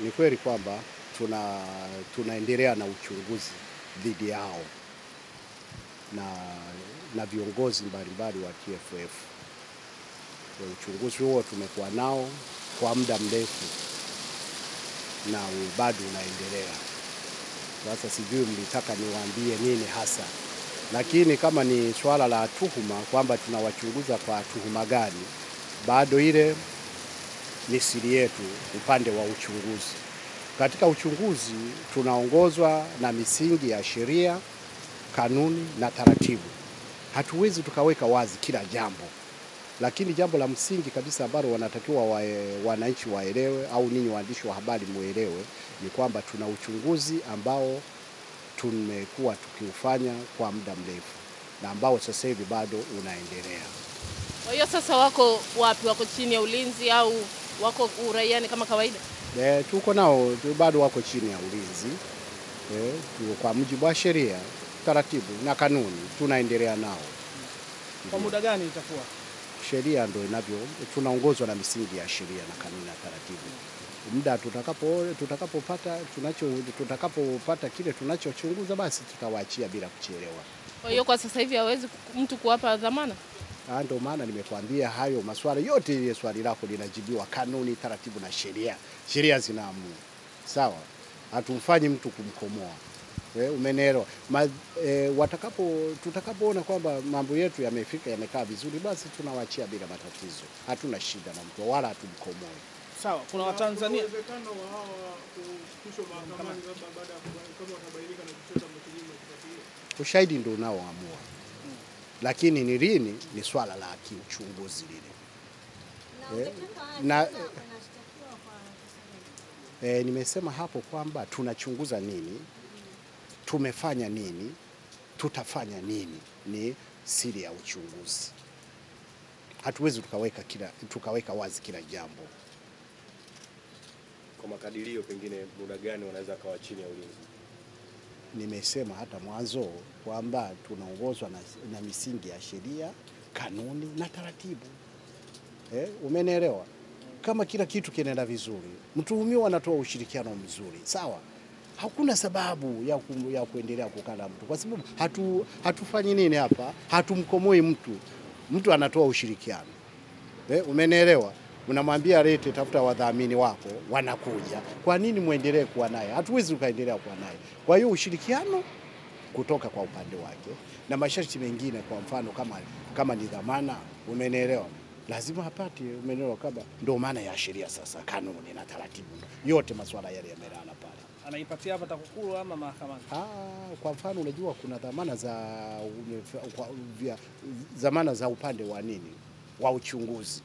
Ni kweli kwamba tuna tunaendelea na uchunguzi dhidi yao na, na viongozi mbalimbali wa TFF. Uchunguzi huo tumekuwa nao kwa muda mrefu na bado unaendelea. Sasa sijui mlitaka niwaambie nini hasa, lakini kama ni swala la tuhuma kwamba tunawachunguza kwa tuhuma gani, bado ile ni siri yetu upande wa uchunguzi. Katika uchunguzi tunaongozwa na misingi ya sheria, kanuni na taratibu. Hatuwezi tukaweka wazi kila jambo, lakini jambo la msingi kabisa ambalo wanatakiwa wae, wananchi waelewe au ninyi waandishi wa habari muelewe ni kwamba tuna uchunguzi ambao tumekuwa tukiufanya kwa muda mrefu na ambao sasa hivi bado unaendelea. Kwa hiyo sasa wako wapi? Wako chini ya ulinzi au wako uraiani kama kawaida? E, tuko nao bado wako chini ya ulinzi e, tuko kwa mujibu wa sheria, taratibu na kanuni tunaendelea nao. Kwa muda gani itakuwa? Sheria ndio inavyo, tunaongozwa na misingi ya sheria na kanuni na taratibu. Muda tutakapo tutakapopata tunacho tutakapopata kile tunachochunguza, basi tutawaachia bila kuchelewa. Kwa hiyo kwa sasa hivi hawezi mtu kuwapa dhamana? Ah, ndio maana nimekuambia hayo maswala yote, ile swali lako linajibiwa, kanuni, taratibu na sheria. Sheria zinaamua, sawa. Hatumfanyi mtu kumkomoa eh, umenielewa? E, watakapo tutakapoona kwamba mambo yetu yamefika yamekaa vizuri, basi tunawachia bila matatizo. Hatuna shida na mtu wala hatumkomoi. Sawa, kuna Watanzania ushahidi ndio unaoamua lakini ni lini, ni swala la kiuchunguzi lile. Na, e, e, nimesema hapo kwamba tunachunguza nini, tumefanya nini, tutafanya nini, ni siri ya uchunguzi. Hatuwezi tukaweka, kila, tukaweka wazi kila jambo kwa makadirio, pengine muda gani wanaweza kawa chini ya ulinzi? nimesema hata mwanzo kwamba tunaongozwa na, na misingi ya sheria, kanuni na taratibu eh, umenielewa? Kama kila kitu kinaenda vizuri, mtuhumiwa anatoa ushirikiano mzuri, sawa, hakuna sababu ya, ku, ya kuendelea kukana mtu, kwa sababu hatu, hatufanyi nini hapa, hatumkomoi mtu, mtu anatoa ushirikiano eh, umenielewa? unamwambia rete, tafuta wadhamini wako, wanakuja. Kwa nini mwendelee kuwa naye? Hatuwezi ukaendelea kuwa naye. Kwa hiyo ushirikiano kutoka kwa upande wake na masharti mengine, kwa mfano kama, kama ni dhamana, umenielewa lazima apate, umenielewa kaba. Ndio maana ya sheria sasa, kanuni na taratibu, yote masuala yale yamelala pale. Anaipatia hapa TAKUKURU ama mahakamani? Ah, kwa mfano unajua kuna dhamana za, dhamana za upande wa nini wa uchunguzi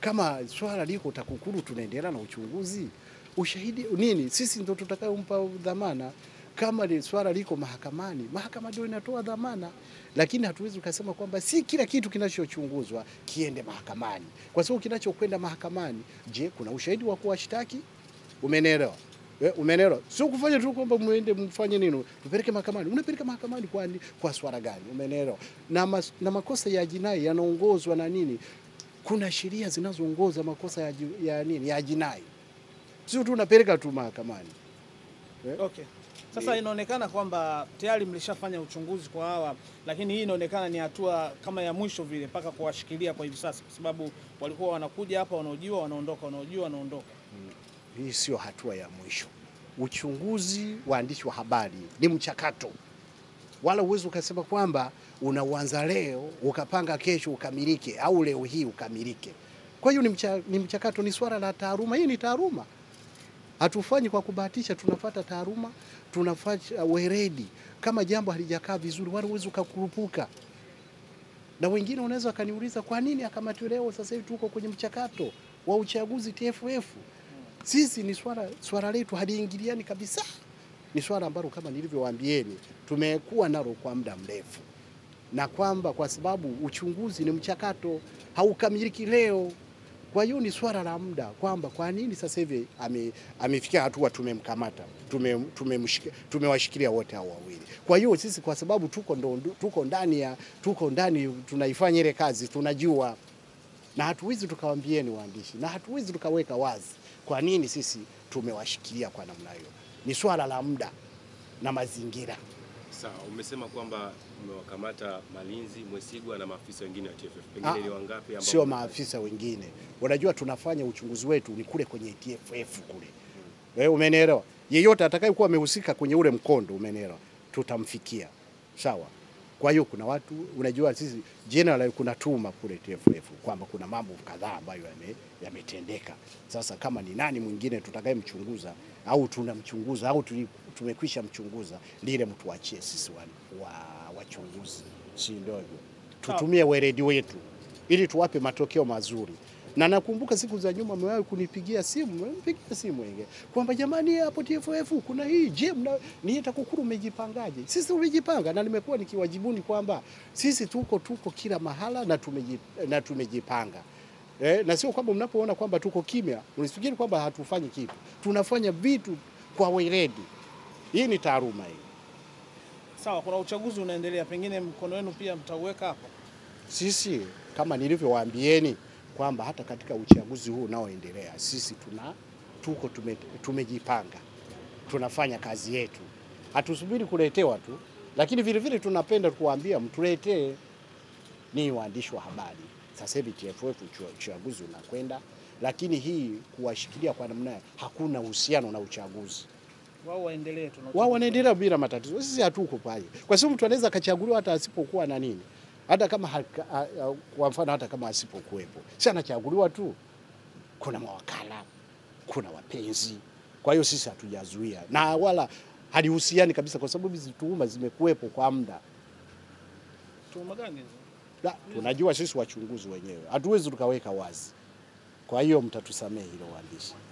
kama swala liko TAKUKURU, tunaendelea na uchunguzi, ushahidi nini? Sisi ndio tutakayompa dhamana. Kama ni swala liko mahakamani, mahakama ndio inatoa dhamana, lakini hatuwezi ukasema kwamba si kila kitu kinachochunguzwa kiende mahakamani, kwa sababu kinachokwenda mahakamani, je, kuna ushahidi wa kuwashtaki? Umenielewa? Umenelewa? Sio kufanya tu kwamba muende mfanye nini, tupeleke mahakamani. Unapeleka mahakamani kwa, kwa swala gani? Umenelewa? Na, mas, na makosa ya jinai yanaongozwa na nini? kuna sheria zinazoongoza makosa ya, ya nini ya jinai, sio tu unapeleka tu mahakamani eh? Okay. Sasa inaonekana kwamba tayari mlishafanya uchunguzi kwa hawa, lakini hii inaonekana ni hatua kama ya mwisho vile, mpaka kuwashikilia kwa hivi sasa, kwa sababu walikuwa wanakuja hapa, wanaojiwa, wanaondoka, wanaojiwa, wanaondoka. Hmm. Hii sio hatua ya mwisho. Uchunguzi, waandishi wa habari, ni mchakato wala huwezi ukasema kwamba unauanza leo ukapanga kesho ukamilike au leo hii ukamilike. Kwa hiyo ni, mcha, ni mchakato, ni swala la taaruma. Hii ni taaruma, hatufanyi kwa kubahatisha, tunafata taaruma, tunafata weredi. Kama jambo halijakaa vizuri, wala huwezi ukakurupuka. Na wengine unaweza wakaniuliza kwa nini akamati leo, sasa hivi tuko kwenye mchakato wa uchaguzi TFF. Sisi ni swala swala letu haliingiliani kabisa ni swala ambalo kama nilivyowaambieni tumekuwa nalo kwa muda mrefu, na kwamba kwa sababu uchunguzi ni mchakato, haukamiliki leo. Kwa hiyo ni swala la muda, kwamba kwa nini sasa hivi ame, amefikia hatua tumemkamata, tumewashikilia tume tume wote hao wawili. Kwa hiyo sisi kwa sababu tuko, ndo, tuko ndani ya tuko ndani tunaifanya ile kazi tunajua, na hatuwezi tukawambieni waandishi, na hatuwezi tukaweka wazi kwa nini sisi tumewashikilia kwa namna hiyo ni swala la muda na mazingira. Sawa, umesema kwamba mmewakamata Malinzi, Mwesigwa na maafisa wengine wa TFF. Ah, Pengine ni wangapi ambao sio maafisa wengine? Unajua tunafanya uchunguzi wetu ni kule kwenye TFF kule. Wewe eh, hmm. umenielewa? Yeyote atakayekuwa amehusika kwenye ule mkondo, umenielewa? Tutamfikia. Sawa. Kwa hiyo kuna watu unajua, sisi general kuna tuma kule TFF kwamba kuna mambo kadhaa ambayo yametendeka. Sasa kama ni nani mwingine tutakayemchunguza au tunamchunguza au tumekwisha mchunguza, lile mtuachie sisi wachunguzi wa, wachunguzi, si ndio? Tutumie weledi wetu ili tuwape matokeo mazuri na nakumbuka siku za nyuma amewahi kunipigia simu, mpigia simu wenge kwamba jamani, hapo TFF kuna hii je, ninyi TAKUKURU umejipangaje? Sisi tumejipanga na nimekuwa nikiwajibuni kwamba sisi tuko tuko kila mahala na, tumeji, na tumejipanga eh, na sio kwamba mnapoona kwamba tuko kimya msifikiri kwamba hatufanyi kitu, tunafanya vitu kwa weledi. Hii ni taaruma hii. Sawa, kuna uchaguzi unaendelea, pengine mkono wenu pia mtauweka hapo. Sisi kama nilivyowaambieni kwamba hata katika uchaguzi huu unaoendelea sisi tuna tuko tume, tumejipanga tunafanya kazi yetu, hatusubiri kuletewa tu, lakini vilevile tunapenda kuambia mtuletee ni waandishi wa habari. Sasa hivi TFF uchaguzi unakwenda, lakini hii kuwashikilia kwa namna hakuna uhusiano na uchaguzi wao waendelee, wao wanaendelea bila matatizo. Sisi hatuko pale, kwa sababu mtu anaweza akachaguliwa hata asipokuwa na nini hata kama haka, kwa mfano hata kama asipokuwepo, si anachaguliwa tu, kuna mawakala, kuna wapenzi. Kwa hiyo sisi hatujazuia na wala halihusiani kabisa, kwa sababu hizi tuhuma zimekuwepo kwa muda. Tuhuma gani hizo? tunajua sisi wachunguzi wenyewe, hatuwezi tukaweka wazi. Kwa hiyo mtatusamehe hilo waandishi.